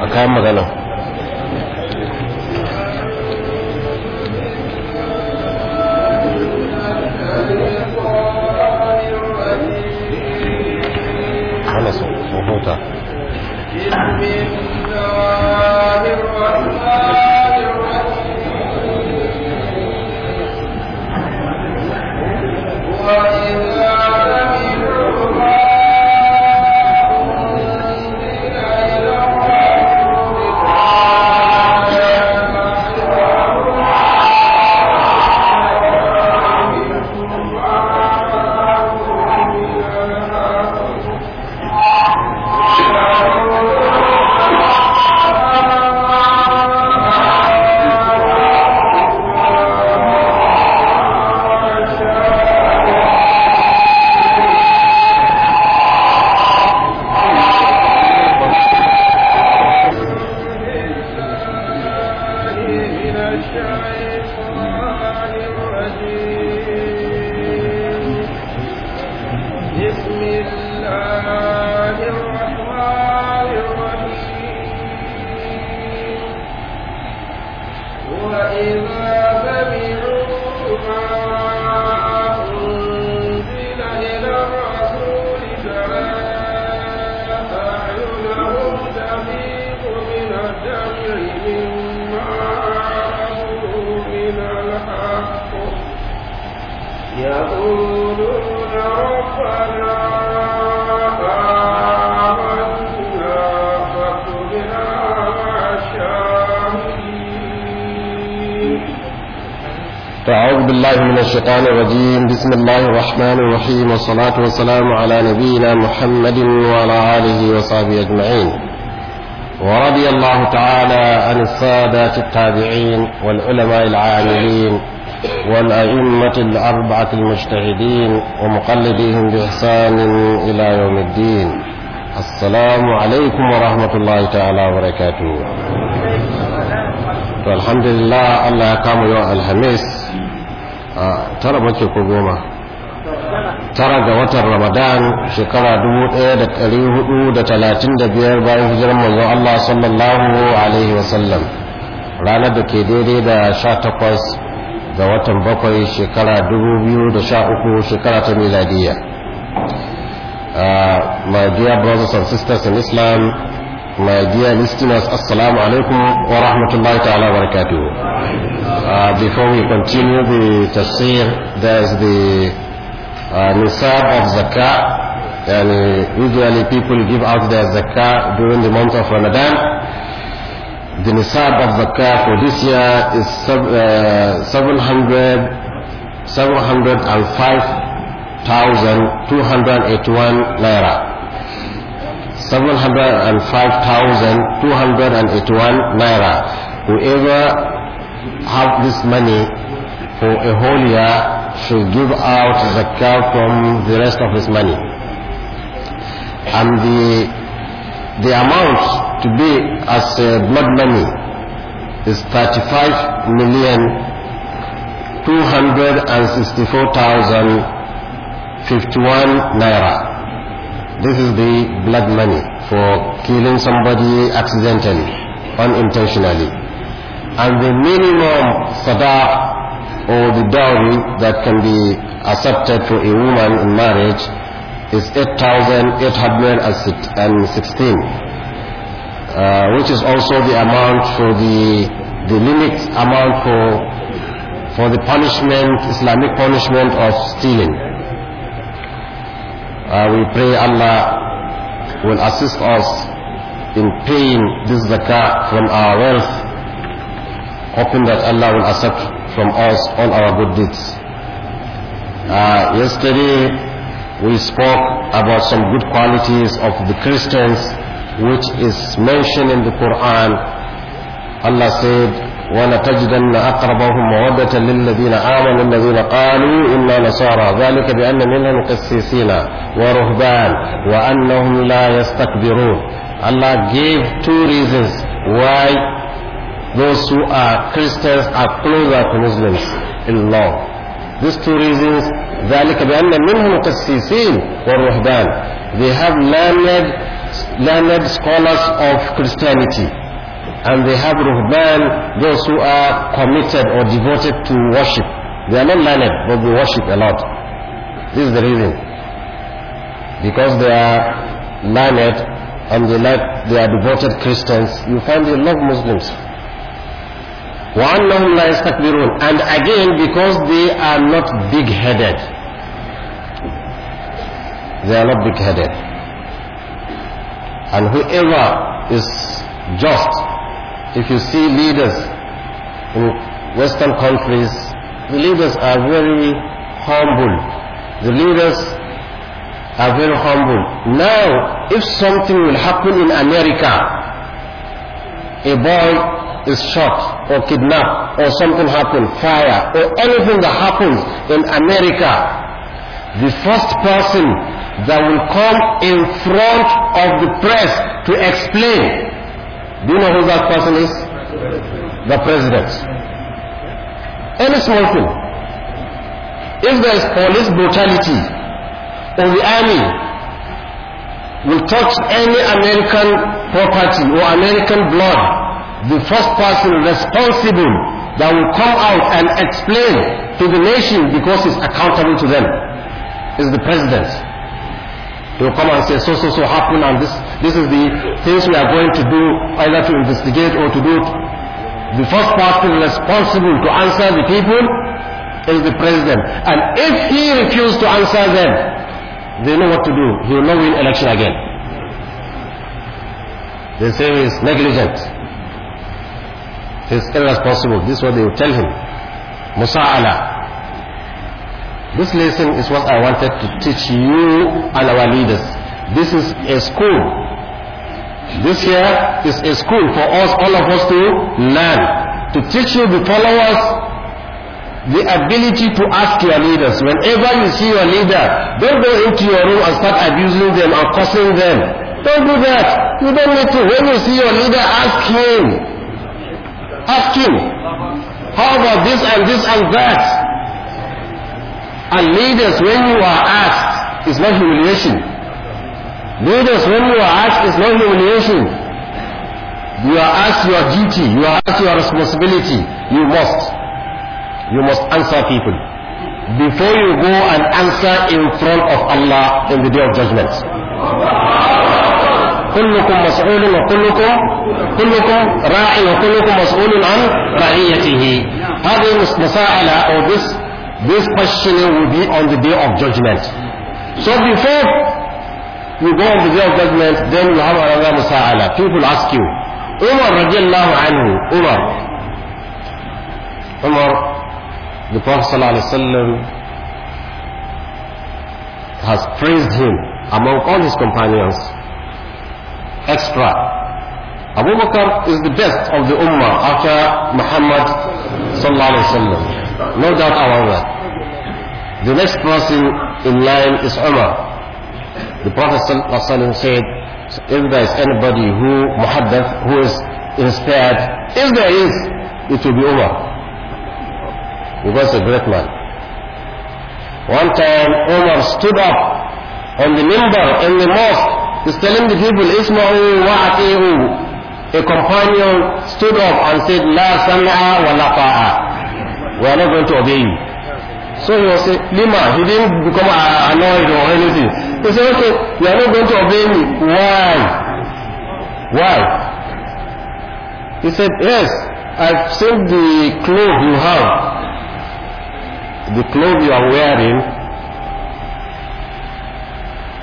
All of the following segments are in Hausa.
a kayan magana hana su أعوذ بالله من الشيطان الرجيم بسم الله الرحمن الرحيم والصلاة والسلام على نبينا محمد وعلى آله وصحبه أجمعين ورضي الله تعالى عن السادة التابعين والعلماء العاملين والأئمة الأربعة المجتهدين ومقلديهم بإحسان إلى يوم الدين السلام عليكم ورحمة الله تعالى وبركاته الحمد لله الله يقام يوم الخميس tara mace ko goma tara ga watan ramadan shekara 1435 bayan hijirar manzon Allah sallallahu alaihi wasallam ranar da ke daidai da 18 ga watan bakwai shekara 2013 shekara ta miladiyya my dear brothers and sisters in islam my dear listeners, Assalamu alaikum wa rahmatullahi ta'ala wa barakatuh. Uh, before we continue the tafsir, there's the uh, nisab of zakah. And uh, usually people give out their zakah during the month of Ramadan. The nisab of zakah for this year is sub, uh, 700, 705,281 naira. 705,281 naira. Whoever have this money for a whole year should give out zakah from the rest of his money. And the the amount to be as blood money is 35 million 264,051 naira. This is the blood money for killing somebody accidentally, unintentionally. And the minimum sadaq or the dowry that can be accepted for a woman in marriage is 8,816, uh, which is also the amount for the, the limit amount for, for the punishment, Islamic punishment of stealing. Uh, we pray Allah will assist us in paying this zakah from our wealth, hoping that Allah will accept from us all our good deeds. Uh, yesterday, we spoke about some good qualities of the Christians, which is mentioned in the Quran. Allah said, ولتجدن أقربهم مودة للذين آمنوا الذين قالوا إنا نصارى ذلك بأن منهم قسيسين ورهبان وأنهم لا يستكبرون Allah gave two reasons why those who are Christians are closer to Muslims in law. These two reasons, ذلك بأن منهم قسيسين ورهبان. They have learned, learned scholars of Christianity. and they have ruhban, those who are committed or devoted to worship. They are not learned, but they worship a lot. This is the reason. Because they are learned and they, like, they are devoted Christians, you find they love Muslims. وَأَنَّهُمْ لَا يَسْتَكْبِرُونَ And again, because they are not big-headed. They are not big-headed. And whoever is just If you see leaders in Western countries, the leaders are very humble. The leaders are very humble. Now, if something will happen in America, a boy is shot or kidnapped or something happened, fire or anything that happens in America, the first person that will come in front of the press to explain Do you know who that person is? The president. Any small thing. If there is police brutality or the army will touch any American property or American blood, the first person responsible that will come out and explain to the nation because he's accountable to them is the president. to come and say, so, so, so happen and this, this is the things we are going to do, either to investigate or to do. The first person responsible to answer the people is the president. And if he refuses to answer them, they know what to do. He will not win election again. They say he is negligent. He is irresponsible. This is what they will tell him. Musa'ala. This lesson is what I wanted to teach you and our leaders. This is a school. This here is a school for us, all of us to learn. To teach you, the followers, the ability to ask your leaders. Whenever you see your leader, don't go into your room and start abusing them or cursing them. Don't do that. You don't need to. When you see your leader, ask him. Ask him. How about this and this and that? And leaders, when you are asked, is not humiliation. Leaders, when you are asked, is not humiliation. You are asked your duty, you are asked your responsibility. You must. You must answer people. Before you go and answer in front of Allah in the day of judgment. كلكم مسؤول وكلكم كلكم راع وكلكم مسؤول عن رعيته هذه مسألة أو this This questioning will be on the day of judgment. So before you go on the day of judgment, then you have another musa'ala. People ask you, Umar radiallahu anhu, Umar. Umar, the Prophet sallallahu alaihi wasallam has praised him among all his companions. Extra. Abu Bakr is the best of the Ummah after Muhammad sallallahu wa sallam. No doubt among them. The next person in line is Umar. The Prophet ﷺ said, if there is anybody who Muhammad who is inspired, if there is, it will be Umar. Because a great man. One time Umar stood up on the member in the mosque. He's telling the people, Isma'u wa'ati'u. A companion stood up and said, La sam'a wa la faa.'" we are not going to obey you. So he was saying, Lima, he didn't become uh, annoyed or anything. He said, okay, you are not going to obey me. Why? Why? He said, yes, I've seen the clothes you have. The clothes you are wearing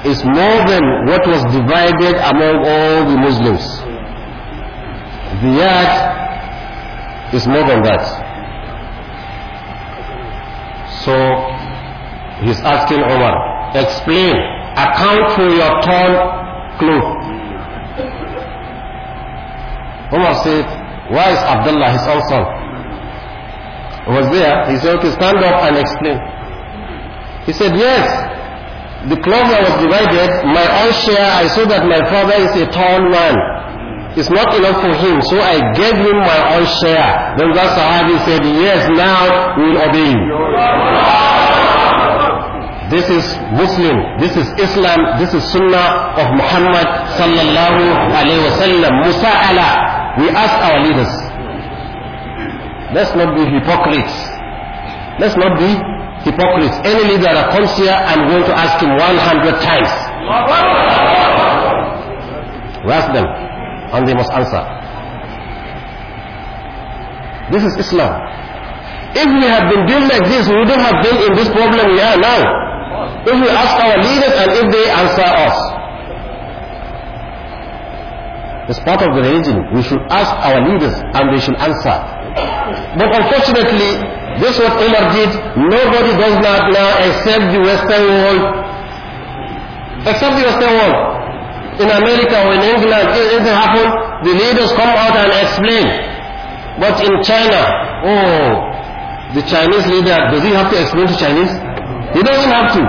is more than what was divided among all the Muslims. The earth is more than that. So he's asking Omar, explain, account for your torn cloth. Omar said, why is Abdullah, his own son? Was there. He said, okay, stand up and explain. He said, yes, the cloth I was divided, my own share, I saw that my father is a tall man. It's not enough for him, so I gave him my own share. Then that Sahabi said, Yes, now we'll obey you. This is Muslim, this is Islam, this is Sunnah of Muhammad sallallahu alayhi wa sallam. Musa'ala. We ask our leaders. Let's not be hypocrites. Let's not be hypocrites. Any leader that comes here, I'm going to ask him 100 times. We ask them. and they must answer. This is Islam. If we had been doing like this, we wouldn't have been in this problem we are now. If we ask our leaders and if they answer us. It's part of the religion. We should ask our leaders and they should answer. But unfortunately, this what Umar did, nobody does that now except the Western world. Except the Western world. in America or in England, anything happen, the leaders come out and explain. But in China, oh, the Chinese leader, does he have to explain to Chinese? He doesn't have to.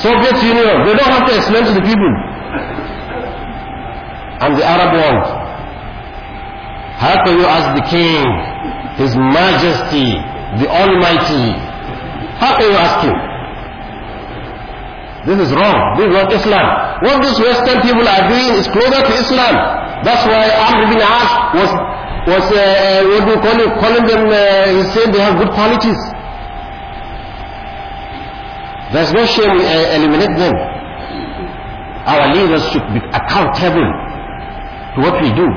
Soviet Union, they don't have to explain to the people. And the Arab world. How can you ask the king, his majesty, the almighty, how can you ask him? This is wrong. This is not Islam. What these Western people are doing is closer to Islam. That's why Amr bin ash was, was uh, uh, what do you call it, calling them, uh, he said they have good qualities. There's no shame we uh, eliminate them. Our leaders should be accountable to what we do.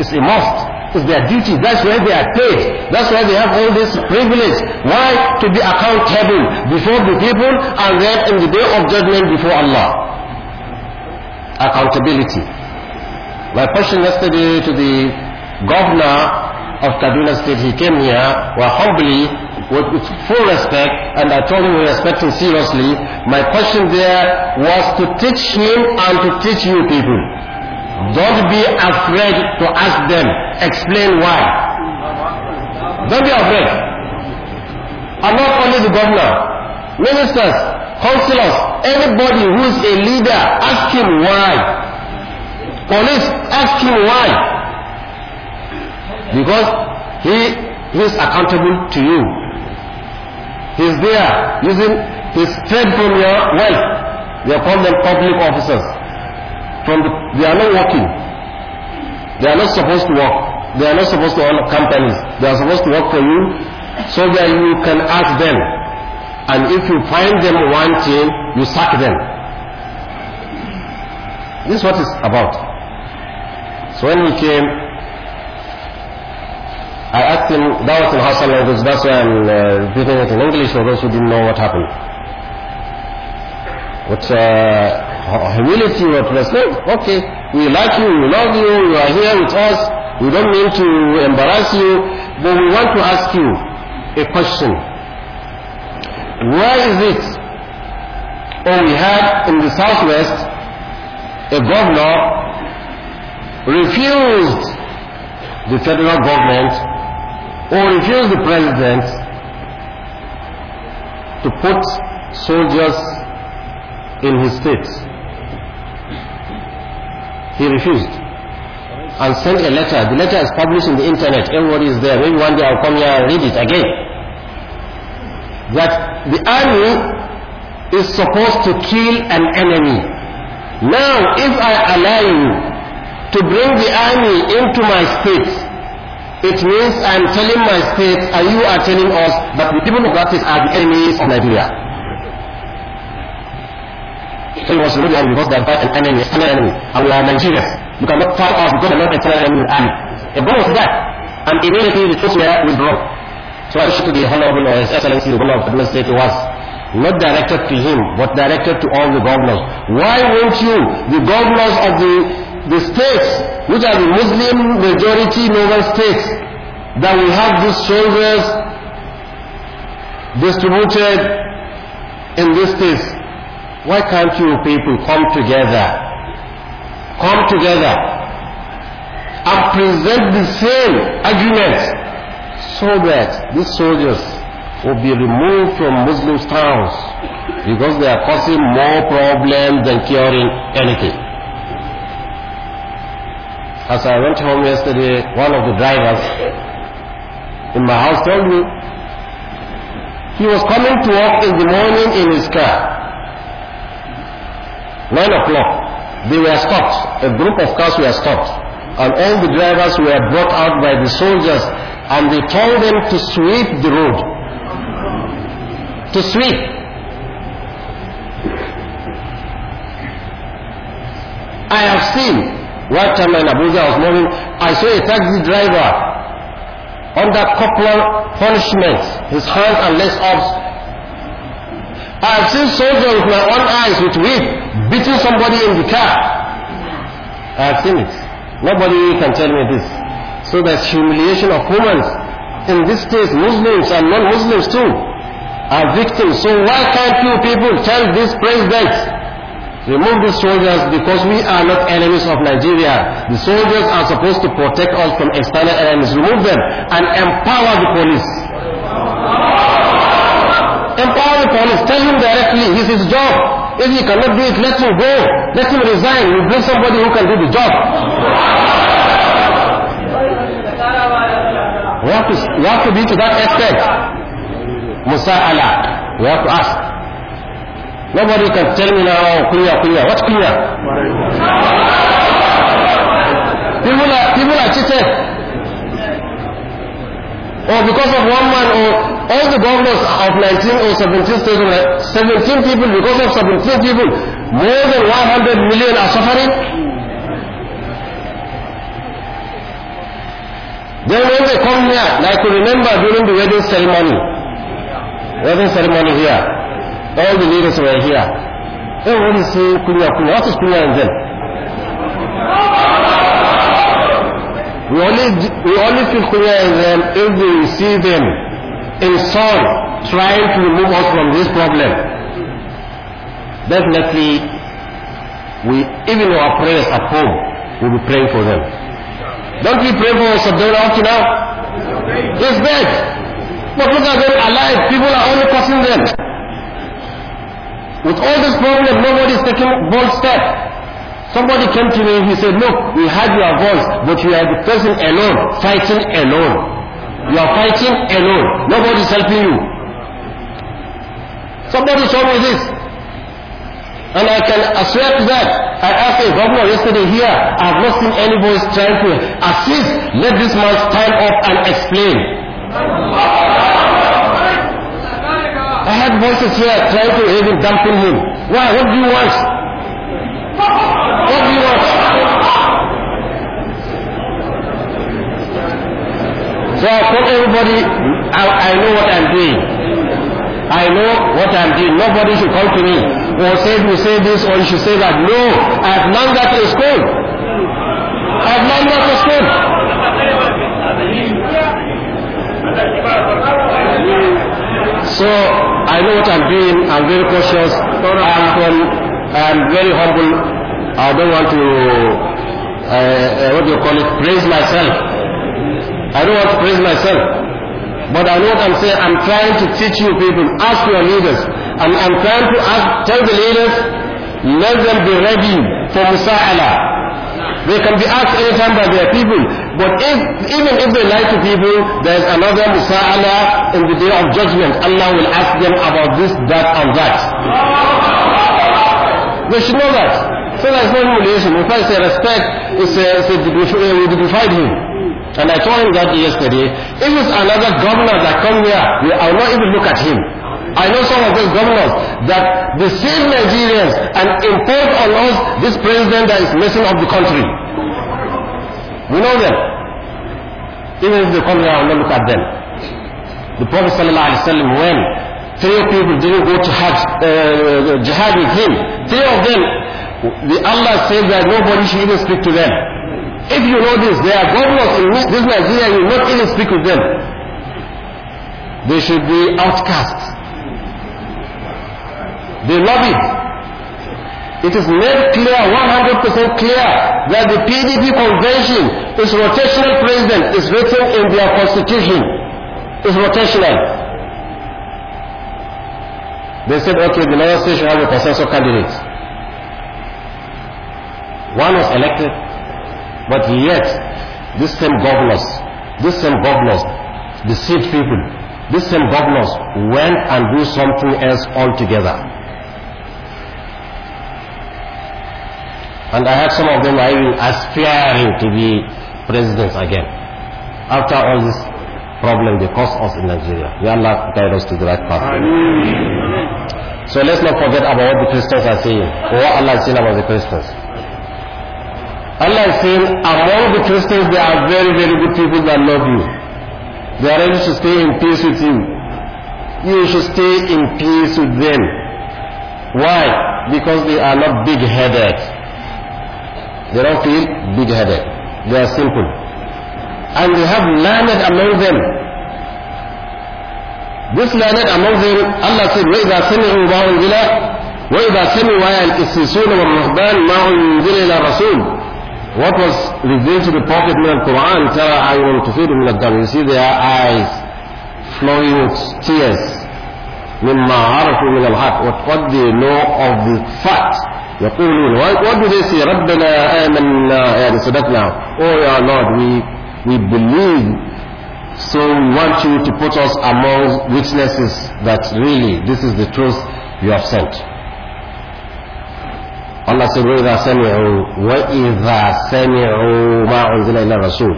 It's a must. is their duty. That's why they are paid. That's why they have all this privilege. Why? To be accountable before the people and then in the day of judgment before Allah. Accountability. My question yesterday to the governor of Kaduna State, he came here, were humbly, with, with full respect, and I told him we respect him seriously. My question there was to teach him and to teach you people. Don't be afraid to ask them. Explain why. Don't be afraid. And not only the governor, ministers, councillors anybody who is a leader, ask him why. Police, ask him why. Because he, he is accountable to you. He's there using his trade from your wealth. They call them public officers. from the, they are not working. They are not supposed to work. They are not supposed to own companies. They are supposed to work for you so that you can ask them. And if you find them wanting, you sack them. This is what it's about. So when he came, I asked him, that was in Hassan language, that's why I'm uh, it in English for those who didn't know what happened. But, uh, humility or respect. Okay, we like you, we love you, you are here with us, we don't mean to embarrass you, but we want to ask you a question. Why is it, or oh, we had in the southwest, a governor refused the federal government or refused the president to put soldiers in his states. He refused. And sent a letter. The letter is published in the internet. Everybody is there. Maybe one day I'll come here and read it again. That the army is supposed to kill an enemy. Now, if I allow you to bring the army into my state, it means I'm telling my state and you are telling us that the people of that state are the enemies of Nigeria. It was المسؤولين عن المفضل الفات الامني الامني او منجيه become not part of God and not eternal enemy in army. The goal of that, and immediately the troops were withdrawn. So I wish to the Honorable or His Excellency, the Governor of Kaduna State was not directed to him, but directed to all the governors. Why won't you, the governors of the, the states, which are the Muslim majority northern states, that we have these soldiers distributed in these states, why can't you people come together? Come together and present the same arguments so that these soldiers will be removed from Muslim towns because they are causing more problems than curing anything. As I went home yesterday, one of the drivers in my house told me he was coming to work in the morning in his car. 9 o'clock, they were stopped. A group of cars were stopped. And all the drivers were brought out by the soldiers and they told them to sweep the road. To sweep. I have seen, one time in Abuja I was moving, I saw a taxi driver under corporal punishment, his hands and legs off I have seen soldiers with my own eyes with whip beating somebody in the car. I have seen it. Nobody can tell me this. So there's humiliation of humans. In this case, Muslims and non-Muslims too are victims. So why can't you people tell this president Remove these soldiers because we are not enemies of Nigeria. The soldiers are supposed to protect us from external enemies. Remove them and empower the police. Empower promise. Tell him directly, this is job. If he cannot do it, let him go. Let him resign. We bring somebody who can do the job. We have to, we have to be to that extent. Musa'ala. We have to ask. Nobody can tell me now, oh, kunya, kunya. What kunya? People are, people are cheated. or because of one man or all the governors of 19 or 17 states, 17 people, because of 17 people, more than 100 million are suffering. Then when they come here, like you remember during the wedding ceremony, wedding ceremony here, all the leaders were here. Everybody say kunya kunya. What is kunya in them? We only, we only feel clear them if we see them in soul trying to remove us from this problem. Definitely, we even our prayers at home, we'll be praying for them. Don't we pray for Sabdona up to now? It's bad But look at them alive. People are only cursing them. With all this problem, nobody is taking bold steps. Somebody came to me and he said, look, we heard your voice, but you are the person alone, fighting alone. You are fighting alone. Nobody is helping you. Somebody told me this. And I can swear to that. I asked a governor yesterday here, I've not seen any voice trying to assist. Let this man stand up and explain. I had voices here trying to even dampen him. Why? What do you want? So for everybody, I, I know what I'm doing. I know what I'm doing. Nobody should come to me or say you say this or you should say that. No, I've learned that in school. I've learned that in school. So I know what I'm doing. I'm very cautious. I'm from I am very humble. I don't want to, uh, uh, what do you call it, praise myself. I don't want to praise myself. But I know what I'm saying. I'm trying to teach you people. Ask your leaders. I'm, I'm trying to ask, tell the leaders, let them be ready for Musa'ala. They can be asked anytime by their people. But if, even if they lie to people, there is another Musa'ala in the day of judgment. Allah will ask them about this, that, and that. They should know that. So that's no humiliation. In fact, say respect, it's a, it's a dignified, uh, we dignified him. And I told him that yesterday. If it's another governor that come here, I will not even look at him. I know some of those governors that the deceive Nigerians and impose on us this president that is messing up the country. We know them. Even if they come here, I will not look at them. The Prophet ﷺ, when Three people didn't go to Hajj, uh, jihad with him. Three of them, the Allah said that nobody should even speak to them. If you know this, they are godless in this Nigeria, you will not even speak with them. They should be outcasts. They love it. It is made clear, 100% clear, that the PDP convention, is rotational president, is written in their constitution. It's rotational. They said, okay, the lower station has a consensus candidate. One was elected, but yet, these same governors, these same governors, deceived people, these same governors went and do something else altogether. And I had some of them are even aspiring to be presidents again. After all this problem they cause us in Nigeria. May Allah guide us to the right path. So let's not forget about what the Christians are saying, or what Allah is saying about the Christians. Allah is saying, among the Christians, there are very, very good people that love you. They are ready to stay in peace with you. You should stay in peace with them. Why? Because they are not big-headed. They don't feel big-headed. They are simple. and they have learned among them. This learned among them, Allah said, وَإِذَا سَمِعُوا مَا أُنزِلَ وَإِذَا سَمِعُوا مَا الْإِسْرِسُونَ وَالرَّهْبَانِ مَا أُنزِلَ إِلَى الرَّسُولِ What was revealed to the Prophet in the Quran, تَرَى عَيُّنْ تُفِيدُ مِنَ الدَّمِ You see their eyes flowing with tears. مما عرفوا من الحق what they know of the fact يقولون what do they say ربنا آمنا يعني صدقنا oh our Lord we We believe. So we want you to put us among witnesses that really this is the truth you have sent. Allah said, وَإِذَا سَمِعُوا وَإِذَا سَمِعُوا مَا إِلَى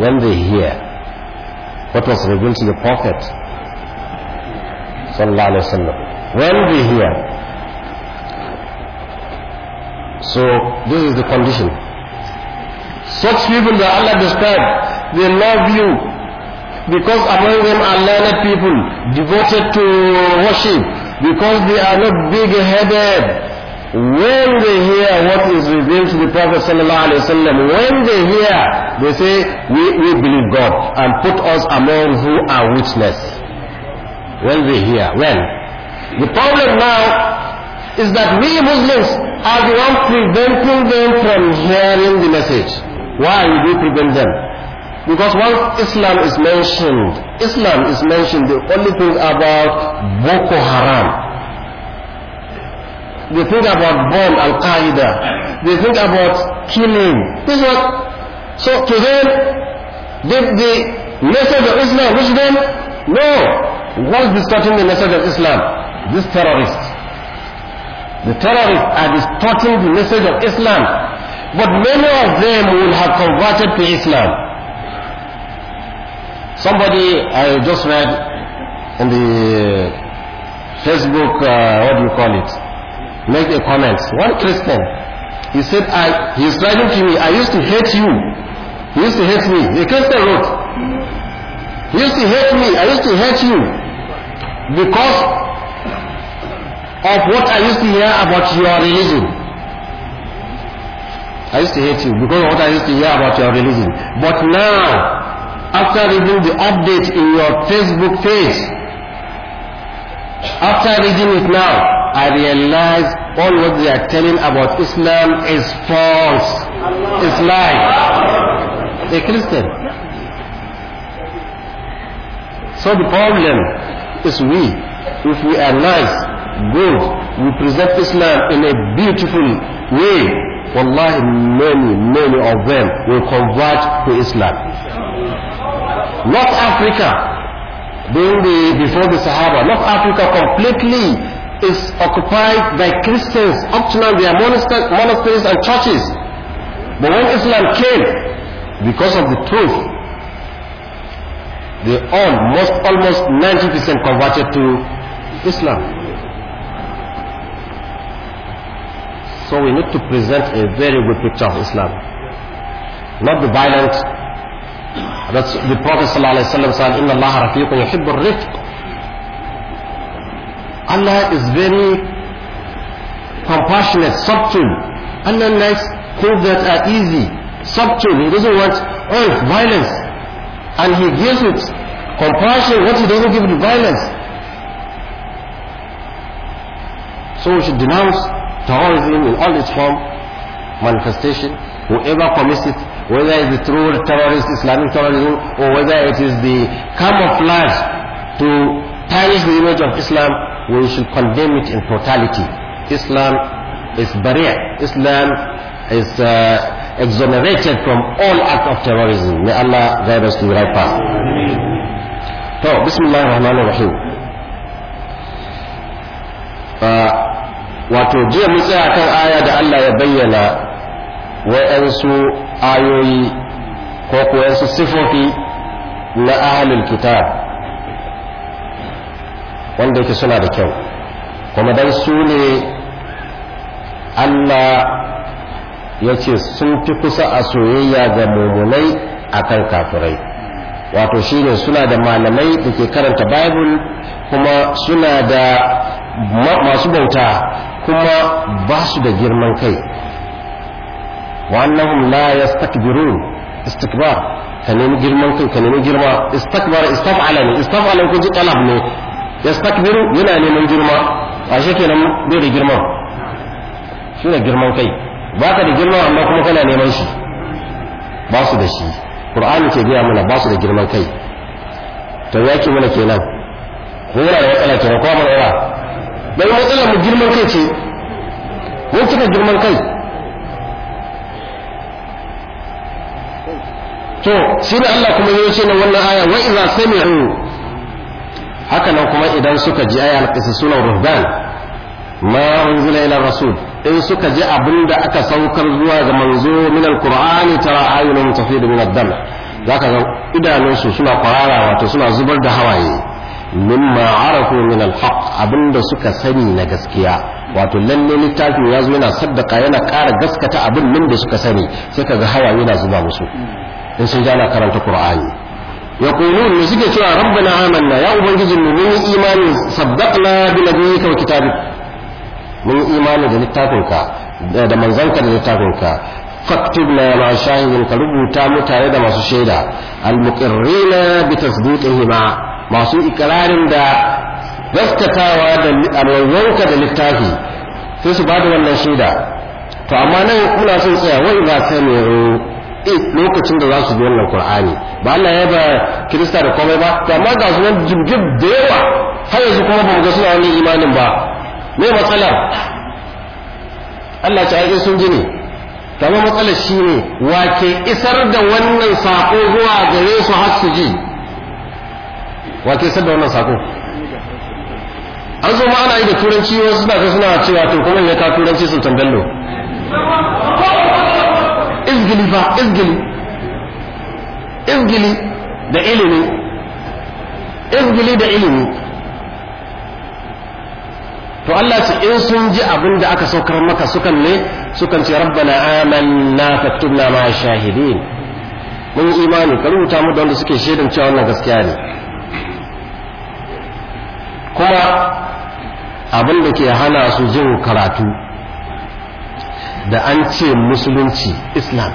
When they hear what was revealed to the Prophet sallallahu when they hear so this is the condition such people that Allah described, they love you because among them are learned people devoted to worship because they are not big-headed. When they hear what is revealed to the Prophet wasallam, when they hear, they say, we, we believe God and put us among who are witness. When they hear, when? The problem now is that we Muslims are the ones preventing them from hearing the message. Why you do prevent them? Because once Islam is mentioned, Islam is mentioned, the only thing about Boko Haram. They think about bomb Al Qaeda. They think about killing. This what. So to them, did the message of Islam reach them? No. what What's distorting the message of Islam? this terrorists. The terrorists are distorting the message of Islam But many of them will have converted to Islam. Somebody I just read in the Facebook, uh, what do you call it? Make a comment. One Christian, he said, I, he is writing to me, I used to hate you. He used to hate me. The Christian wrote, he used to hate me. I used to hate you because of what I used to hear about your religion. I used to hate you because of what I used to hear about your religion. But now, after reading the update in your Facebook page, after reading it now, I realize all what they are telling about Islam is false. It's lie. A Christian. So the problem is we. If we are nice, good, we present Islam in a beautiful way, Wallahi, many, many of them will convert to Islam. North Africa, during the, before the Sahaba, North Africa completely is occupied by Christians. Up to now, they are monasteries and churches. But when Islam came, because of the truth, they all, most, almost 90% converted to Islam. So we need to present a very good picture of Islam. Not the violent. That's the Prophet ﷺ said, Inna Allah rafiqun yuhibbul rifq. Allah is very compassionate, subtle. Allah likes things that are easy, subtle. He doesn't want all violence. And He gives it compassion, what He doesn't give it violence. So we should denounce terrorism in all its form, manifestation, whoever commits it, whether it is through terrorist Islamic terrorism or whether it is the camouflage to tarnish the image of Islam, we should condemn it in totality. Islam is barrier. Islam is uh, exonerated from all act of terrorism. May Allah guide us to the right path. So, Bismillah rahman rahim Uh, wato jiya mu tsaya kan aya da Allah ya bayyana wa'ansu ayoyi ko kuwansu sifofi na ahalul kitab wanda yake suna da kyau kuma dan su ne Allah ya ce sun fi kusa a soyayya ga mummunai kan kafirai wato shi ne suna da malamai da ke karanta bible kuma suna da masu bauta kuma ba su da girman kai wa annahum ya yastakbirun istikbar ka nemi girman kai ka nemi girma istakbar istaf'ala ne istaf'ala ko ji talab ne stakbiru yana neman girma a kenan bai da girman shi da girman kai ba ka da girma amma kuma kana neman shi ba su da shi qur'ani ke gaya mana ba su da girman kai to yake mana kenan ko yana da matsala kenan ko mun bai matsala mu girman kai ce mun cika girman kai to shi ne Allah kuma ya ce na wannan aya wa idza sami'u haka nan kuma idan suka ji aya al-qisasuna ruhban ma unzila ila rasul in suka ji abin da aka saukar zuwa ga manzo min alqur'ani tara ayunum tafidu min ad-dam zaka ga idanunsu suna kwarara to suna zubar da hawaye mimma arafu min alhaq abinda suka sani na gaskiya wato lalle littafin ya zo yana saddaka yana ƙara gaskata abin min da suka sani sai kaga hawa yana zuba musu in sun jana karanta qur'ani yaqulun ne suke cewa rabbana amanna ya ubangijin mu mun imani saddaqna bi nabiyyika wa kitabik mun imani da littafinka da manzanka da littafinka فاكتبنا مع شاهد كربو تامو تاريدا ما سشيدا المقرين بتصديقهما masu ikirarin da gaskatawa da alwarwarka da littafi sai su bada wannan shaida to amma nan kuna son tsaya wa idza eh, lokacin da za su ji wannan qur'ani ba Allah ya ba kirista da komai ba to amma ga su nan da yawa har yanzu kuma ba mu ga suna wani imanin ba me matsala Allah ta aike sun ji ne kamar matsalar shi ne wake isar da wannan sako zuwa gare su har su ji wake sadda wannan sako an zo ma ana yi da turanci wasu suna suna cewa to kuma ne ka turanci sun tambello izgili ba izgili izgili da ilimi izgili da ilimi to Allah ce in sun ji abin da aka saukar maka sukan ne sukan ce rabbana amanna faktubna ma shahidin mun imani ka rubuta mu da wanda suke shaidan cewa wannan gaskiya ne kuma abin da ke hana su jin karatu da an ce musulunci islam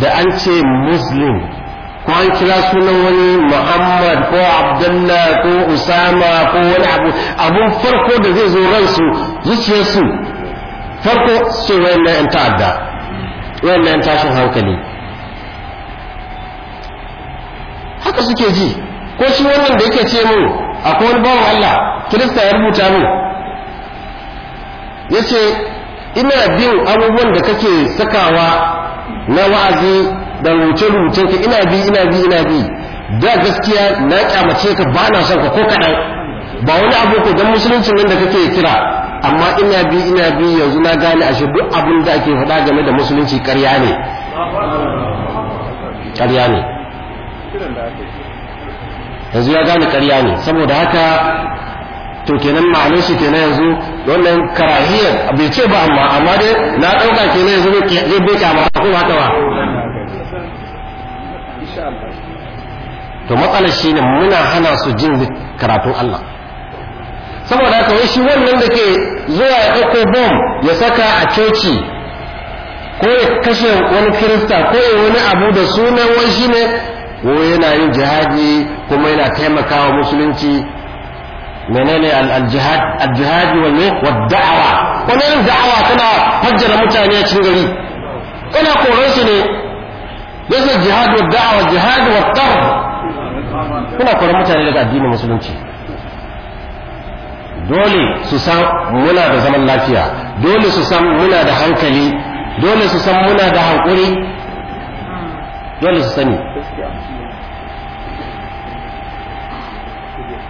da an ce muslim ko an kira sunan wani muhammad ko abdullah ko usama ko wani abu abun farko da zai zo ransu zuciyarsu farko su wayannan yan ta'adda wayannan tashin hankali haka suke ji ko shi wannan da yake ce mu akwai wani bawan Allah kirista ya rubuta min ce ina bin abubuwan da kake sakawa na wa'azi da rubuce-rubucen ka ina bi ina bi ina bi da gaskiya na kyamace ka ba na son ka ko kaɗan ba wani abu ko don musuluncin nan kake kira amma ina bi ina bi yanzu na gane ashe duk abin da ake faɗa game da musulunci ƙarya ne yanzu ya gane ƙarya ne saboda haka to kenan ma'anar shi kenan yanzu wannan karahiyar bai ce ba amma amma dai na ɗauka kenan yanzu zai bai kyama ko haka ba to matsalar shi ne muna hana su jin karatun Allah saboda haka wai shi wannan da ke zuwa ya ɗauko bom ya saka a coci ko ya kashe wani kirista ko ya wani abu da sunan wani shi ne ko yana yin jihadi kuma yana taimakawa musulunci menene al-jihad al-jihad wal ne wa da'awa wani yin da'awa tana hajjara mutane a cikin gari kana koran su ne yasa jihad wa da'awa jihad wa tarb kuna koran mutane daga addinin musulunci dole su san muna da zaman lafiya dole su san muna da hankali dole su san muna da hankuri dole su sani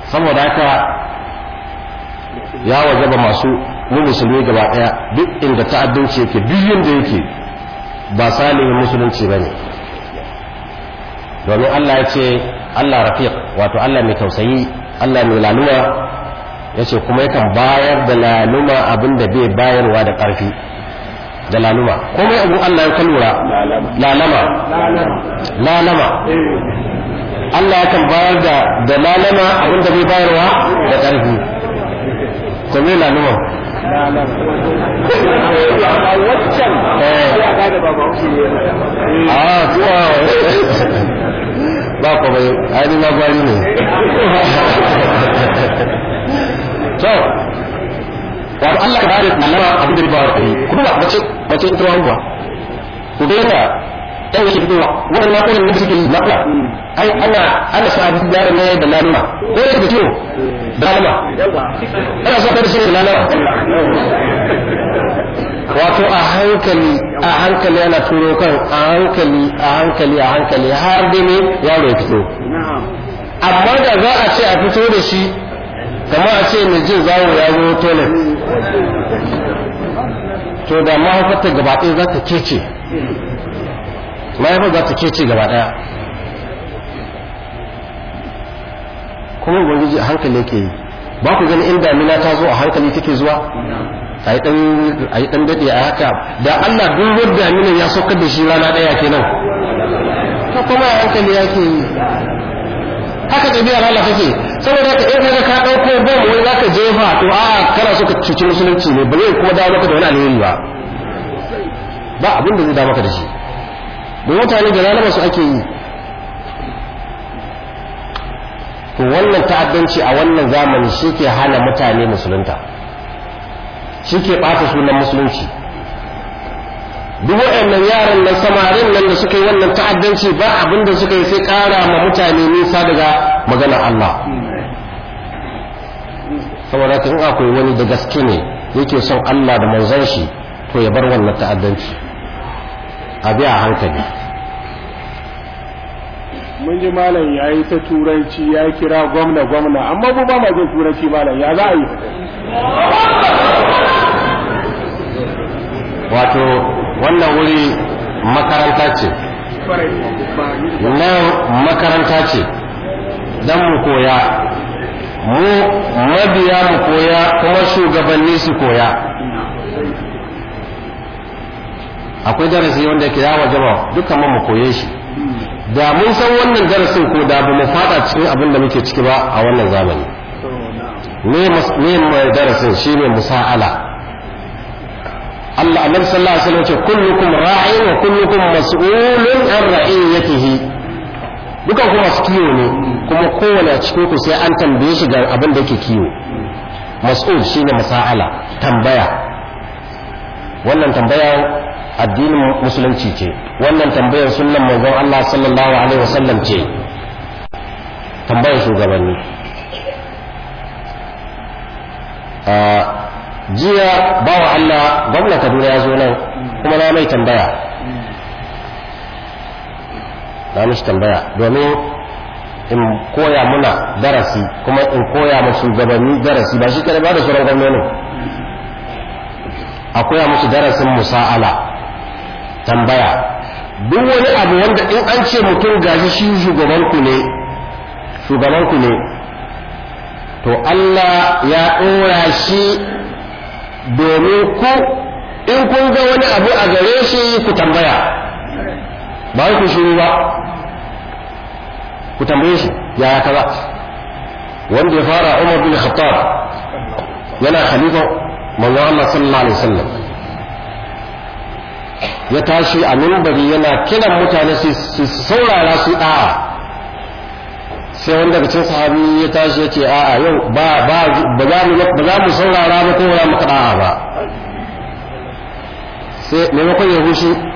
saboda haka ya waje ba masu mu musulmi gaba daya duk inda ta'addanci yake biyun da yake ba salihin musulunci ba ne domin Allah ya ce Allah rafiq wato Allah mai tausayi Allah mai laluma ya ce kuma yakan bayar da laluma abin da bai bayarwa da ƙarfi da komai abu Allah ya kalura lalama lalama Allah ya kan bayar da da lalama abinda bai bayarwa da ƙarfi to me eh. ah, ba ne ku bai ainihin ba ne wato Allah ka bada abin da ba ta yi kuma ba ba ce ita ruwa ku da yake fitowa wannan da suke lafiya ai ana ana sa abin da yadda lalima ko yadda fito da lalima ana sa da lalima wato a hankali a hankali ana turo kan a hankali a hankali a hankali har dai ne yaro ya fito amma da za a ce a fito da shi kamar a ce mai jin zawo ya zo toilet to da mahaifarta gaba ɗaya za ta kece mahaifar za ta kece gaba ɗaya kuma ubangiji a hankali yake yi ba ku gani inda damina ta zo a hankali take zuwa a yi ɗan daɗe a haka da allah duk daminan ya saukar da shi rana ɗaya kenan ta kuma a hankali yake yi haka ɗabi'ar allah take saboda ka in ka ɗauko bom wani za ka jefa to a kana so ka cuci musulunci ne ba zai kuma dawo maka da wani alheri ba ba abin da zai dawo maka da shi da mutane da lalaba su ake yi to wannan ta'addanci a wannan zamani shi ke hana mutane musulunta shi ke ɓata sunan musulunci duk waɗannan yaran nan samarin nan da suka yi wannan ta'addanci ba abin da suka yi sai ƙara ma mutane nisa daga maganar Allah saboda in akwai wani da gaske ne yake son Allah da manzon shi to ya bar wannan ta'addanci a biya hankali mun ji malam ya yi ta turanci ya kira gwamna gwamna amma ba ma jin turanci malam ya za a yi wato wannan wuri makaranta ce nan makaranta ce don mu koya mu mabiya mu koya kuma shugabanni su koya akwai darasi wanda ke yawa jama dukkan mu koye shi da mun san wannan darasin ko da ba mu fada cikin abin da muke ciki ba a wannan zamani ne darasin shi ne musa'ala Allah annabi sallallahu alaihi wasallam ce kullukum ra'in wa kullukum mas'ulun an ra'iyatihi dukan kuma su kiwo ne kuma kowane cikin ku sai an tambaye shi ga abin da yake kiwo mas'ul shine masa'ala tambaya wannan tambaya addinin musulunci ce wannan tambayar sunnan manzon Allah sallallahu alaihi wasallam ce tambayar shugabanni a jiya bawa Allah gwamna Kaduna ya zo nan kuma na mai tambaya na mishi tambaya domin in koya muna darasi kuma in koya ma shugabanni darasi ba shi kare ba da sauran gwamnoni a koya musu darasin musa'ala tambaya duk wani abu wanda in an ce mutum gaji shi shugabanku ne shugabanku ne to Allah ya ɗora shi domin ku in kun ga wani abu a gare shi ku tambaya ba ku shiru ba ku tambaye shi ya kaza wanda ya fara Umar bin Khattab yana khalifa manzo Allah sallallahu alaihi wasallam ya tashi a minbari yana kiran mutane su saurara su da'a sai wanda daga cikin sahabi ya tashi ya ce a'a yau ba ba ba za mu ba za mu saurara ba ko ba mu kada ba sai maimakon ya hushi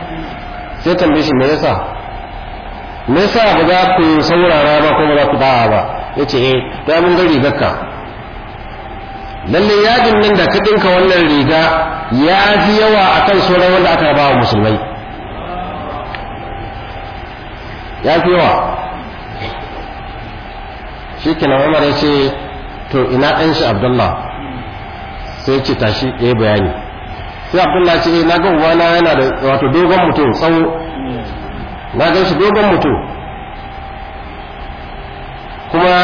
sai tambaye shi me yasa me yasa ba za ku yi saurara ba ko ba za ku ba'a ba yace eh da mun gari rigarka lalle yajin nan da ka dinka wannan riga ya fi yawa akan sauran wanda aka ba wa musulmai ya fi yawa shikenan Umar ya ce to ina ɗan shi Abdullah sai ce tashi ɗaya bayani sai abdullahi ce eh, na ga uwana yana da wato dogon mutum tsawo na gan shi dogon mutum kuma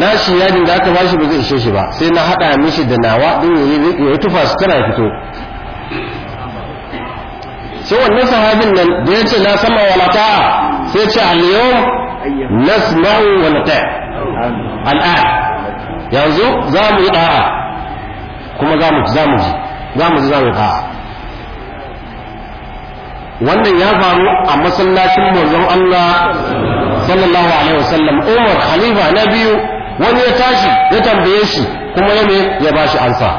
na shi yadin da aka bashi ba zai ishe shi ba sai na haɗa mishi da nawa don ya yi tufa su tana fito sai wannan sahabin nan da ya ce na sama wa lata'a sai ce a yawm nasma'u wa lata'a al'a yanzu za mu yi da'a kuma za mu ji za mu ji za mu wannan ya faru a masallacin manzon Allah sallallahu alaihi wasallam Umar Khalifa na biyu wani ya tashi ya tambaye shi kuma ya ba shi bashi ansa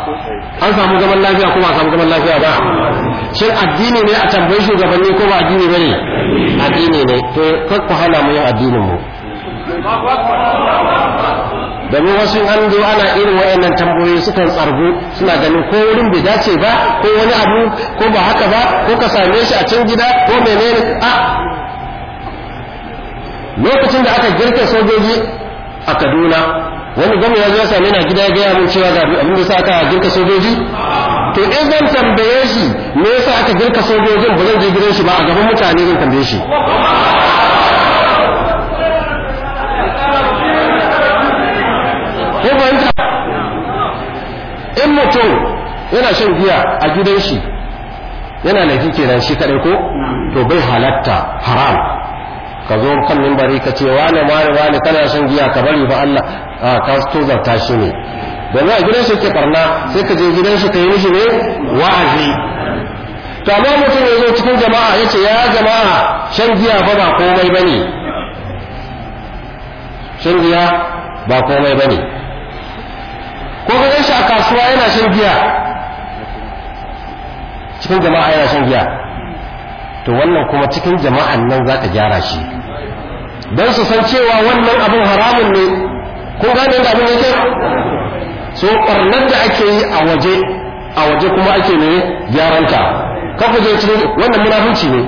an samu zaman lafiya kuma a samu zaman lafiya ba shin addini ne a tambayi shugabanni ko ba addini ba ne addini ne to kakku hana mu yin addinin mu domin wasu an zo ana irin wayannan tambayoyi sukan tsargu suna ganin ko wurin bai dace ba ko wani abu ko ba haka ba ko ka same shi a can gida ko menene a lokacin da aka girka sojoji a Kaduna wani gwamna ya zo same na gida ya gaya cewa ga abin da sa aka girka sojoji to in zan tambaye shi me yasa aka girka sojojin ba zan je gidan shi ba a gaban mutane zan tambaye shi in mutum yana shan giya a gidan shi yana laifi kenan shi kadai ko to bai halatta haram ka zo kan mimbari ka ce wani wani wani kana shan giya ka bari ba Allah a ka zarta shi ne domin a gidan shi ke barna sai ka je gidan shi ka yi mishi ne wa'azi to amma mutum ya zo cikin jama'a ya ce ya jama'a shan giya fa ba komai bane shan giya ba komai bane ko ka gan shi a kasuwa yana shan giya cikin jama'a yana shan giya to wannan kuma cikin jama'an nan za ka gyara shi don su san cewa wannan abin haramun ne kun gane da abin yake so ɓarnar da ake yi a waje a waje kuma ake ne gyaranta ka zai je cikin wannan munafunci ne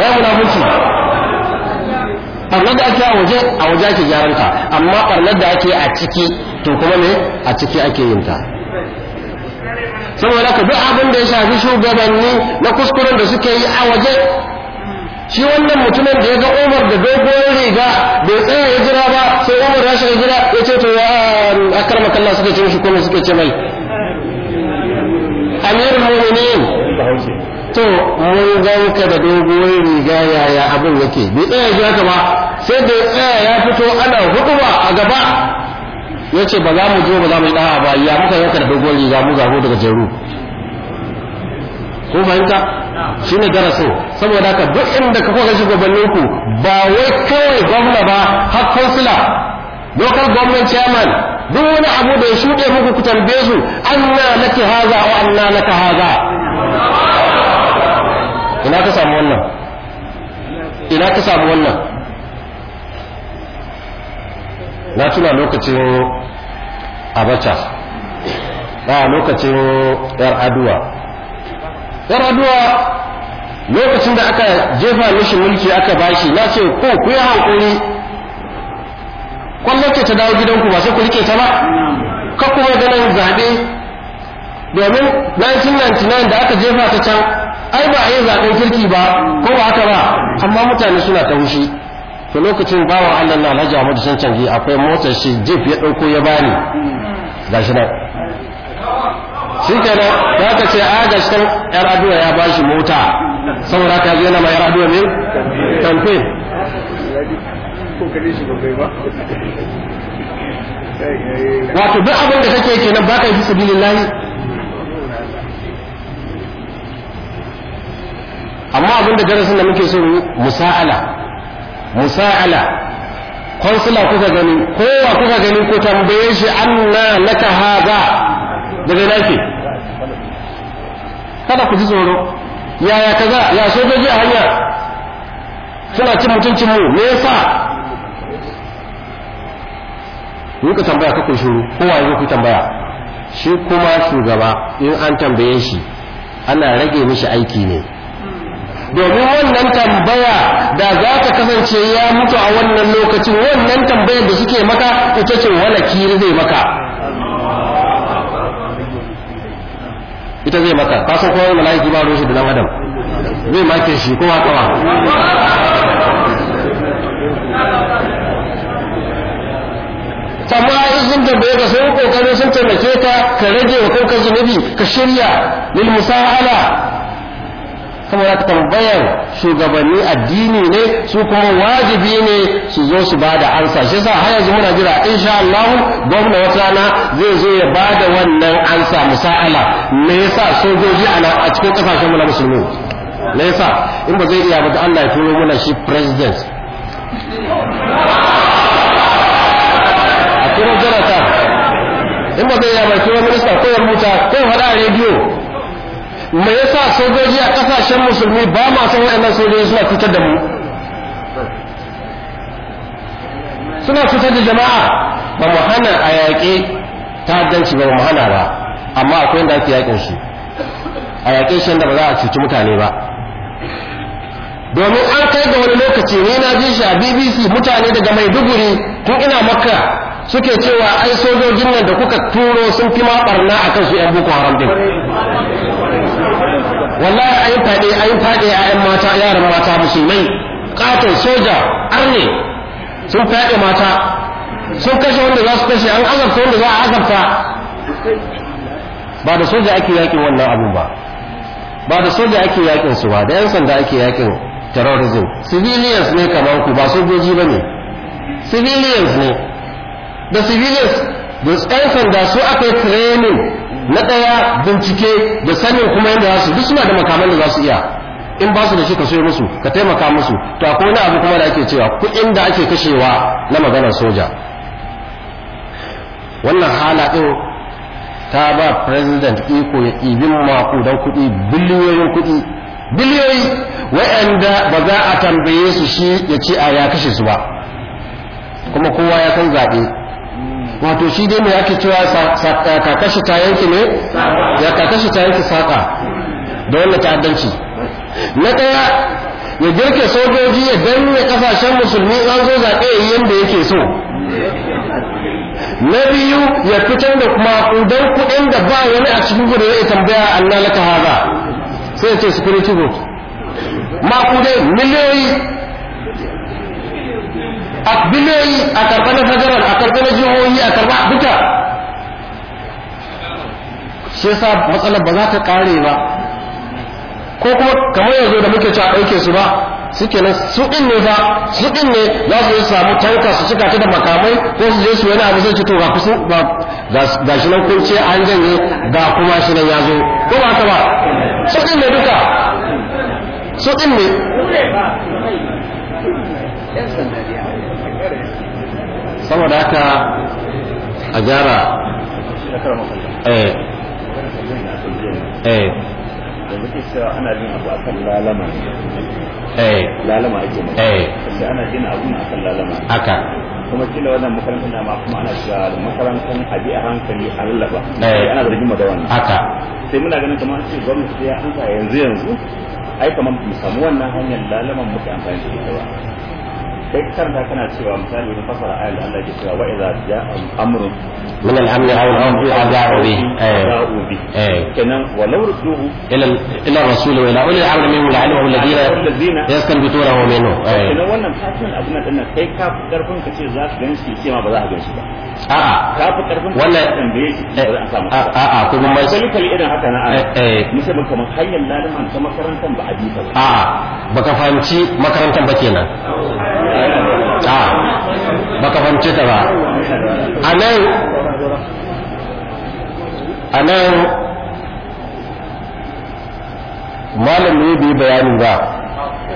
ya munafunci barnar da ake a waje a waje ake gyaran ta amma barnar da ake a ciki to kuma ne a ciki ake yin ta saboda ka duk abin da ya shafi shugabanni na kuskuren da suke yi a waje shi wannan mutumin da ya ga umar da dogon riga bai tsaye ya jira ba sai umar ya shiga gida ya ce to ya akarma kalla suka ce mishi kuma suka ce mai amirul mu'minin to mun ganka da doguwar riga yaya abin yake bi tsaya ji haka ba sai da ya tsaya ya fito ana hukuma a gaba ya ce ba za mu zo ba za mu yi ɗaha ba ya muka yaka da doguwar riga mu zago daga jeru ko fahimta shi ne darasin saboda haka duk inda ka kwa gashi gabanin ku ba wai kawai gwamna ba har kansila local government chairman duk wani abu da ya shuɗe muku ku tambaye su anna laki haza wa anna laka haza ina ka samu wannan ina ka samu wannan na tuna lokacin abacha a lokacin yar aduwa yar aduwa lokacin da aka jefa mishi mulki aka bashi na ce ko ku yi hankuri kwallon ke ta dawo gidanku ba sai ku rike ta ba ka kuma ganin zaɓe domin 1999 da aka jefa ta can ai ba yin zaɓen kirki ba ko ba haka ba amma mutane suna ta hushi to lokacin bawa Allah na Alhaji Ahmad Cancangi akwai motar shi jeep ya ɗauko ya bani gashi nan shi kenan da aka ce a ah, gashi kan yar aduwa ya ba shi mota saboda ka zo nama ma yar aduwa ne campaign wato duk abin da kake kenan baka yi fi sabilillahi amma abin da darasin da muke so musa'ala musa'ala konsula kuka gani kowa kuka gani ko tambaye shi anna laka haza daga nake kada ku ji tsoro yaya kaza ya sojoji a hanya suna cin mutuncin mu me yasa ku ka tambaya kakwai shiru kowa ya ku tambaya shi kuma shugaba in an tambaye shi ana rage mishi aiki ne domin wannan tambaya da za ta kasance ya mutu a wannan lokacin wannan tambayar da suke maka ita ce wala kiri zai maka ita zai maka ka san kowa mala'iki ba ruwan shi da dan adam zai make shi kowa kawa amma in sun tambaye ga sun kokarin sun taimake ka ka rage wa kanka zunubi ka shirya lil musa'ala saboda ka tambayar shugabanni addini ne su kuma wajibi ne su zo su bada ansa shi yasa har yanzu muna jira insha Allah gwamna wata rana zai zo ya bada wannan ansa musa'ala me yasa sojoji a cikin kasashen mu na musulmi me yasa in ba zai iya ba Allah ya turo muna shi president a turo jarata in ba zai iya ba turo minista ko ya rubuta ko hada a rediyo me yasa sojoji a kasashen musulmi ba ma san waɗannan sojoji suna cutar da mu suna fitar da jama'a ba mu hana a yaƙe ta'addanci ba mu hana ba amma akwai inda ake yaƙin shi a yaƙin shi da ba za a cuci mutane ba domin an kai ga wani lokaci ne na ji shi a bbc mutane daga maiduguri tun ina makka suke cewa ai sojojin nan da kuka turo sun fi ma barna a kansu yan boko haram din wallahi ayi fade ayi fade a yan mata yaran mata musulmai katon soja arne sun fade mata sun kashe wanda za su kashe an azabta wanda za a azabta ba da soja ake yakin wannan abu ba ba da soja ake yakin su ba da yan sanda ake yakin terrorism civilians ne kamar ku ba sojoji ba ne civilians ne da civilians da yan sanda su aka yi training na ɗaya bincike da sanin kuma yadda za su duk suna da makaman da za su iya in ba su da shi ka soyo musu ka taimaka musu to akwai wani abu kuma da ake cewa kuɗin da ake kashewa na maganar soja wannan hala ɗin ta ba president iko ya ɗibin makudan don kuɗi biliyoyin kuɗi biliyoyi waɗanda ba za a tambaye su shi ya ce a ya kashe su ba kuma kowa ya san zaɓe wato shi dai mai ake cewa eh, kakashi ta yanki ne ya kakashi ta yanki saka da wannan ta'addanci na ɗaya ya girke sojoji ya danne kasashen musulmi an zo zaɓe yadda yake so na biyu ya fitar da makudan kuɗin da ba wani a cikin gudu ya tambaya Allah laka haza sai ya ce security vote makudai miliyoyi a biliyoyi a karɓa na federal a karɓa na jihohi a karɓa duka shi yasa matsalar ba za ta ƙare ba ko kuma kamar yanzu da muke cewa ɗauke su ba suke nan su ɗin ne fa su ɗin ne za su yi samu tanka su cika ta da makamai ko su je su wani abu zai ci to ga kusa ba ga shi nan kun ce an janye ga kuma shi nan ya zo ko ba haka ba su ɗin ne duka su ɗin ne saboda haka a gyara eh yanzu lalama ake eh sai ana jin akan lalama haka kuma kila wannan makarantar ma kuma ana cewa makarantar abi a hankali a eh. muna ganin kamar sai gwamnati ai kamar mu wannan hanyar lalaman muke amfani da ita ba sai karanta kana cewa misali wani fasara ayar da Allah ke cewa wa idza ja'a min al aw al-amn fi bi eh. ada'u bi eh. kenan wa law rudduhu ila ila rasul wa ila ulil amri minhum la'annahu alladhina yastanbitunahu minhu eh. kenan wannan fatin abin nan kai ka karfin ka ce za ka ganshi sai ma ba za ka ganshi ba a'a ka fi karfin wannan tambaye shi ba za a samu a'a kuma mai kalkal irin haka na eh musamman kamar hanyar laliman ta makarantar ba a bi ba a'a baka fahimci makarantar ba kenan a baka fahimci ta ba a nan a bai bayani ba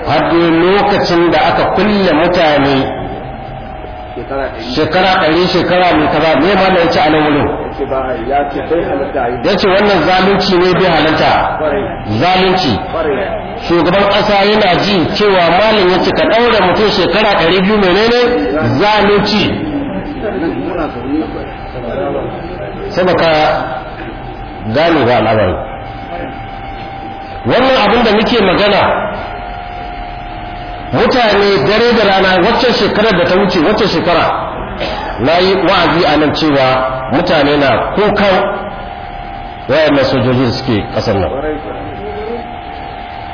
har lokacin da aka kulle mutane shekara ɗari shekara mai kaza me ma na yace a wurin ya wannan zalunci ne bai halatta zalunci shugaban ƙasa yana ji cewa malam yace ka ɗaura mutum shekara ɗari biyu menene zalunci sai baka gane ba al'amari wannan abin da muke magana mutane dare da rana wacce shekarar da ta wuce wacce shekara na yi wa'azi a nan cewa mutane na kukan mai sojoji da suke kasar nan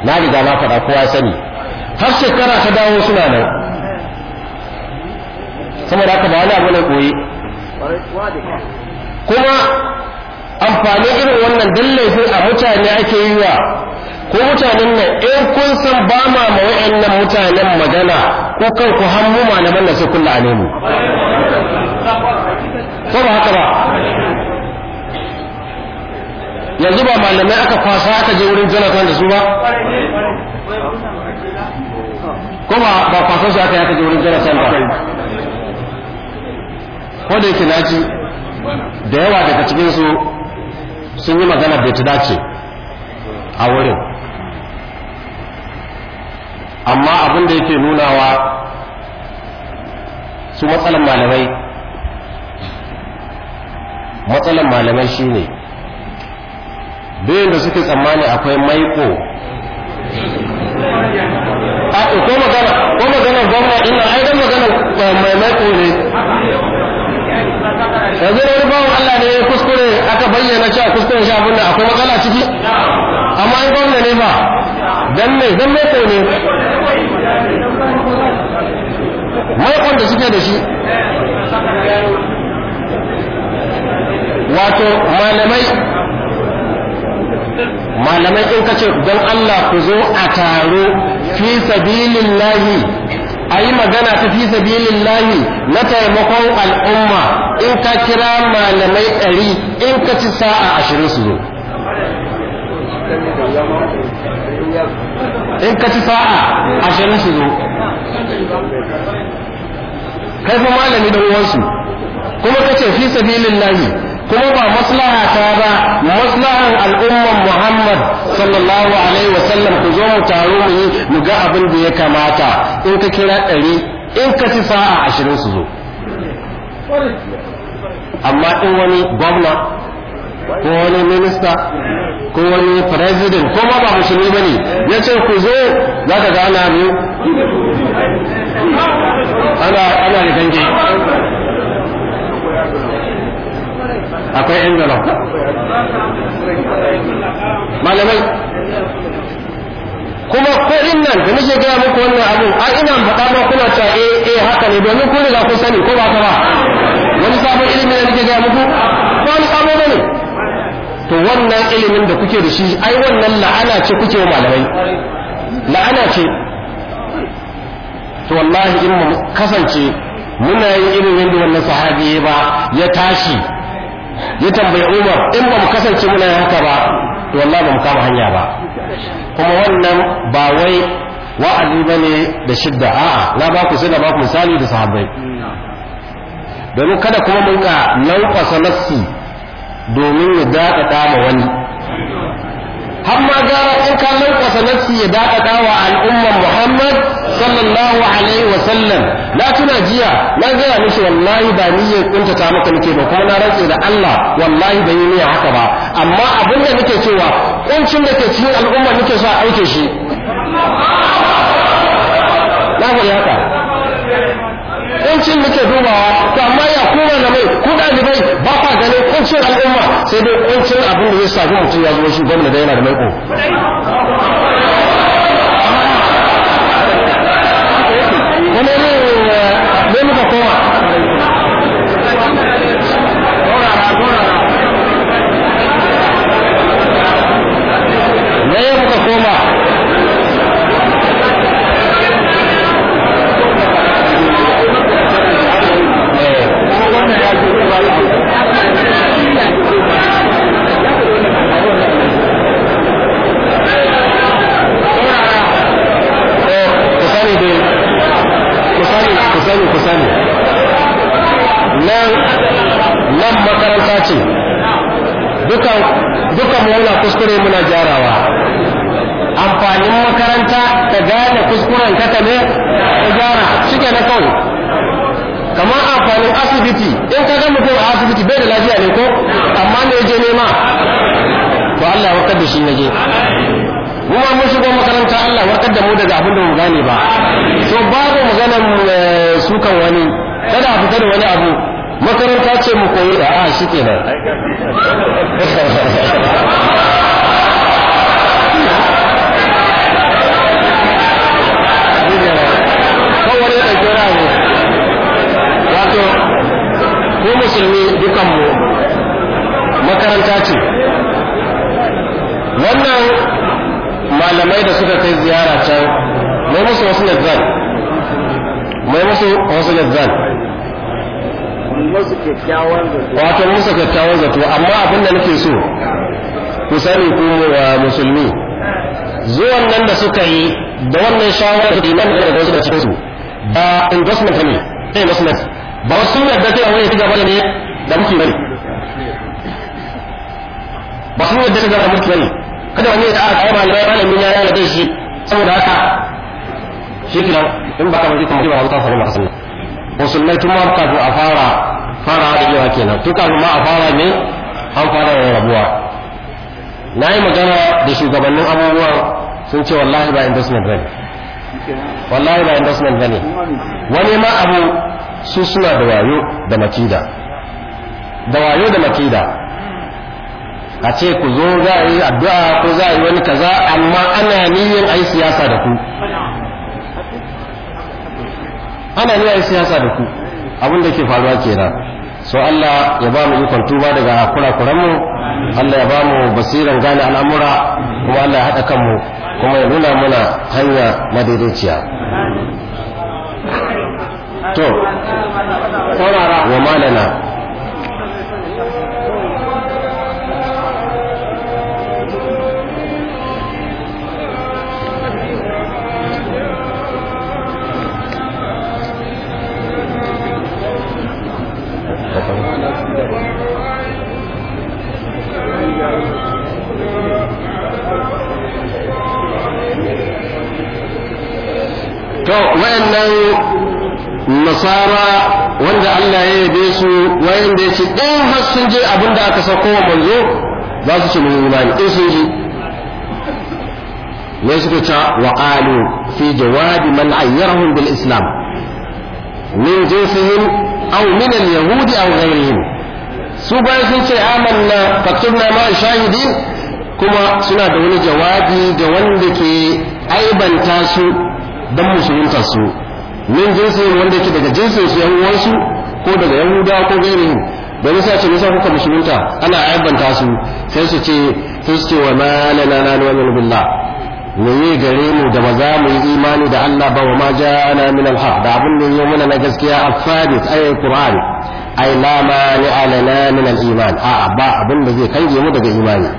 na riga na faɗa kowa sani har shekara ta dawo suna nan saboda haka ba wani abu na koyi kuma amfani irin wannan dan laifin a mutane ake yi wa ko mutanen nan in kun san ba ma ma wa'annan mutanen magana ko kan ku hannu malaman nan sai kullu alaimu ko ba haka ba yanzu ba malamai aka kwasa aka je wurin Jonathan da su ba ko ba ba kwasan su aka yi aka je wurin Jonathan ba ko da yake naji da yawa daga cikin su sun yi magana da ta dace a wurin amma abin da yake nunawa su matsalan malamai matsalan malamai shine bayan da suke tsammani akwai maiko ko magana ko magana gwamna ina ai dan magana eh, mai maiko ne yanzu da wani bawan Allah ne kuskure aka bayyana cewa kuskuren shi abin da akwai matsala ciki amma in gwamna ne ba dan ne dan ne kai ne maikon da suke da shi wato malamai malamai in ka ce don Allah ku zo a taro fi sabilillahi a yi magana ta fi sabilillahi na taimakon al'umma in ka kira malamai ɗari in ka ci sa'a ashirin su zo in ka ci sa'a ashirin su zo kai fa malami da uwansu kuma ka ce fi sabilillahi kuma ba maslaha ta ba maslahan al'umman Muhammad sallallahu alaihi wasallam ku zo mu taro mu yi mu ga abin da ya kamata in ka kira ɗari in ka ci sa'a ashirin su zo amma in wani gwamna ko wani minista ko wani president ko ma ba musulmi ba ne ya ce ku zo za ka gana biyu ana ana da kanke akwai yan malamai kuma ko innan da nake gaya muku wannan abin a ina faɗa ma kuna ta eh, eh haka ne domin kun riga ku sani ko ba ka ba wani sabon ilimi da nake gaya muku ko wani ba ne to wannan ilimin da kuke da shi ai wannan la'ana ce kuke wa malamai la'ana ce to wallahi in mu kasance muna yin irin yadda wannan sahabi ba ya tashi ya tambayi umar in ba mu kasance muna haka ba wallah ba mu kama hanya ba kuma wannan ba wai wa'azi ba ne da shidda a'a na ba ku sai ba ku misali da sahabbai domin kada kuma mun ka lankwasa domin ya daɗaɗa ma wani har ma gara in ka lankwasa nassi ya daɗaɗa wa al'ummar muhammad sallallahu الله عليه وسلم na tuna jiya na gaya والله wallahi ba niyyar kuntata maka nake ba kuma na والله da Allah wallahi ban yi niyyar haka ba amma abin da nake cewa kuncin da ke cikin al'umma a shi kuncin muke dubawa to amma ya kuma na mai ku ɗalibai ba kwa gani kuncin al'umma sai dai kuncin abin da zai shafi mutum ya zo shi gwamna da yana da ko muka koma sani nan makaranta ce dukan muna kuskure muna gyarawa amfanin makaranta ta gane kuskuren ka ne ta gyara ke na kawai kamar amfanin asibiti in ka gama kuma asibiti bai da lafiya ne ko amma ne je nema to Allah ya wakar da shi na je mu ba mun shigo makaranta Allah warkar da mu daga abin da mu gane ba so babu maganar eh, sukan wani kada a fita da wani abu makaranta ce mu koyi da a ah, shi kenan wato musulmi makaranta ce wannan malamai da suka kai ziyara can mai musu wasu nazar mai musu wasu nazar wato musu kyakkyawan zato amma abin da nake so ku sani ku musulmi zuwan nan da suka yi da wannan shawarar da iman da wasu da cikin su ba investment ne ta investment ba wasu da cewa wani ci gaba ne da muke bari ba su yadda ci gaba da muke bari kada wani ya aka kai malamai malamin ya yana da shi saboda haka shi kiran in baka mai kuma ba ta fara masa musulmai tun ma kafin a fara fara da yawa kenan tun kafin ma a fara ne an fara rabuwa na yi magana da shugabannin abubuwan sun ce wallahi ba investment bane wallahi ba investment bane wani ma abu su suna da wayo da makida da wayo da makida a ce ku zo za a yi addu'a ko za a yi wani kaza amma ana niyyar a yi siyasa da ku ana niyyar a yi siyasa da ku abin da ke faruwa kenan so Allah ya ba mu ikon tuba daga kurakuran mu Allah ya ba mu basiran gane al'amura kuma Allah ya haɗa kanmu kuma ya nuna mana hanya madaidaiciya to saurara wa malana to wayannan nasara wanda Allah ya yabe su wayanda yace in har sun je abin da aka sako wa manzo za su ci mun imani in sun ji ne suka ta wa qalu fi jawabi man ayyarahum bil islam min jinsihim aw min al yahudi aw ghayrihim su bayan sun ce amanna faktubna ma shahidin kuma suna da wani jawabi ga wanda ke aibanta su don musuluntar su min jinsin wanda yake daga jinsin su yan uwansu ko daga yahudawa ko da domin sace ce nisa kuka musulunta ana aibanta su sai su ce sai su ce wa ma lana la nu'minu billah yi gare mu da ba za mu yi imani da Allah ba wa ma ja'ana min al da abin da yau muna na gaskiya al-sabit ayat qur'ani ai la ma lana min al-iman a ba abin da zai kange mu daga imani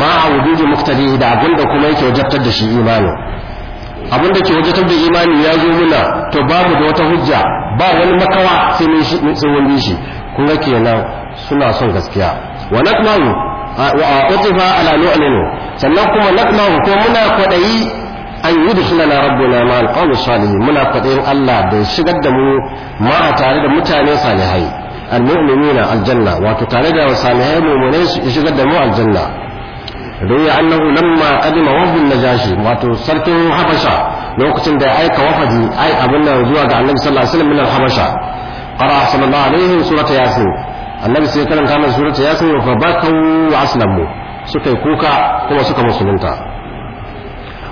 ma wujudi muqtadi da abin da kuma yake wajabtar da shi imani abin da ke wajatar da imani ya zo muna to babu da wata hujja ba wani makawa sai mun bi shi kun ga kenan suna son gaskiya wa nakmahu wa utifa ala nu'min sannan kuma nakmahu ko muna kwadayi an yudkhilana rabbuna ma alqawmi salihin muna kwadayin Allah da shigar da mu ma a tare da mutane salihai al-mu'minina aljanna wato tare da salihai mu'minai su shigar da mu aljanna روي أنه لما قدم وفد النجاشي واتو سركن حبشة لوقت دا أيك وفد أي أبنا زوا عن النبي صلى الله عليه وسلم من الحبشة قرأ صلى الله عليه وسلم سورة ياسين النبي صلى الله عليه وسلم كان سورة ياسين فبكوا وأسلموا سكي كوكا كما سكا مسلمتا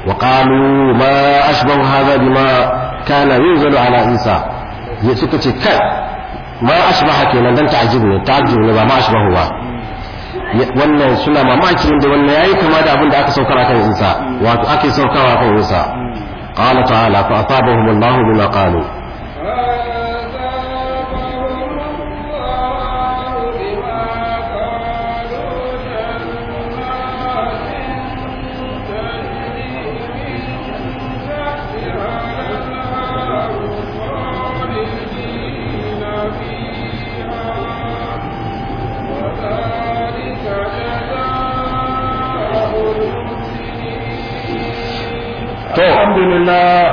وقالوا ما أشبه هذا بما كان ينزل على عيسى سكتي كي ما أشبه كي من دم تعجبني تعجبني ما أشبه هو wannan suna mamaki da wannan yayi kama da abin da aka saukar akan Isa wato ake saukawa akan Isa qala ta'ala fa asabahum Allahu bima qalu رسول الله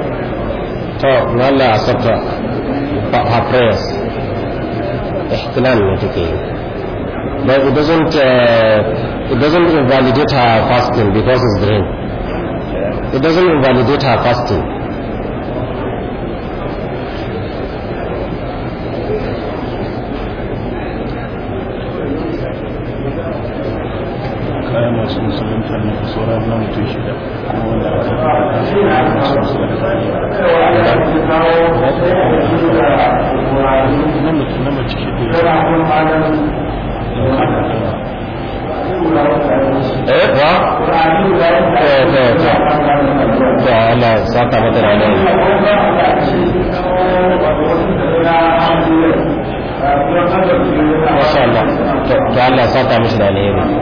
to na Allah accepta her prayers ihtilal ne take but it doesn't uh, it doesn't invalidate her fasting because it's dream it doesn't invalidate her fasting kayan masu musulunta ne sauran na mutum shida kuma saka mata rana Masha Allah, Allah saka mishi da alheri.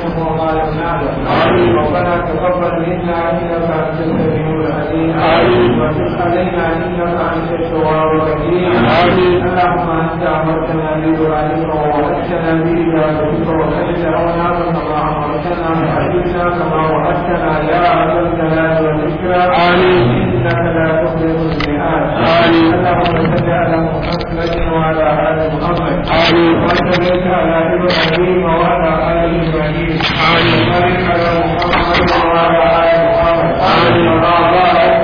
نفسه وما يمنعنا ربنا تقبل منا انك انت السميع العليم وتب علينا انك انت التواب الرحيم اللهم انت امرتنا بدعائك ووعدتنا بإجابتك وكلنا ونعمل كما امرتنا وعلمنا كما وعدتنا يا ابا الجلال والاكرام انك لا تخلف الميعاد اللهم صل على محمد وعلى ال محمد وسلم على ابراهيم وعلى آمين وبارك على محمد وعلى آل محمد آمين